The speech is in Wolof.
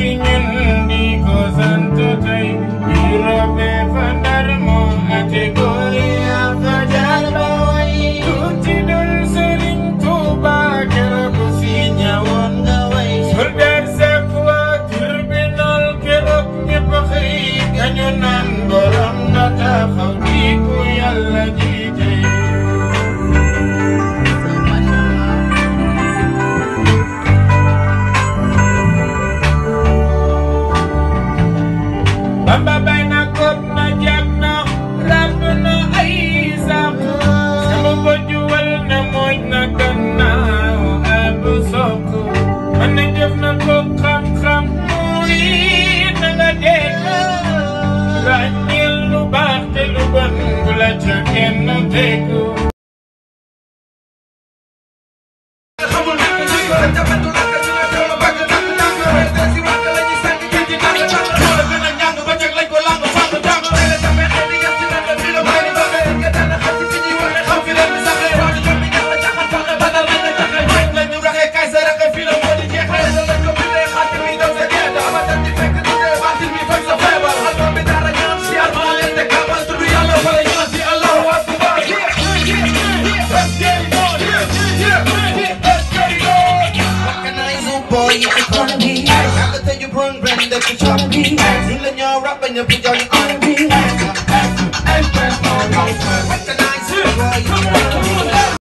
watching bamba bay na na jag na ràbb na ay sax sama bëj wal na mooj na gannaaw ab soog man na jëf na ko xam-xam murit na nga dégg ràññil lu baax te lu bon bu la ca kenn on me. Never tell you run, run, that you shot me. You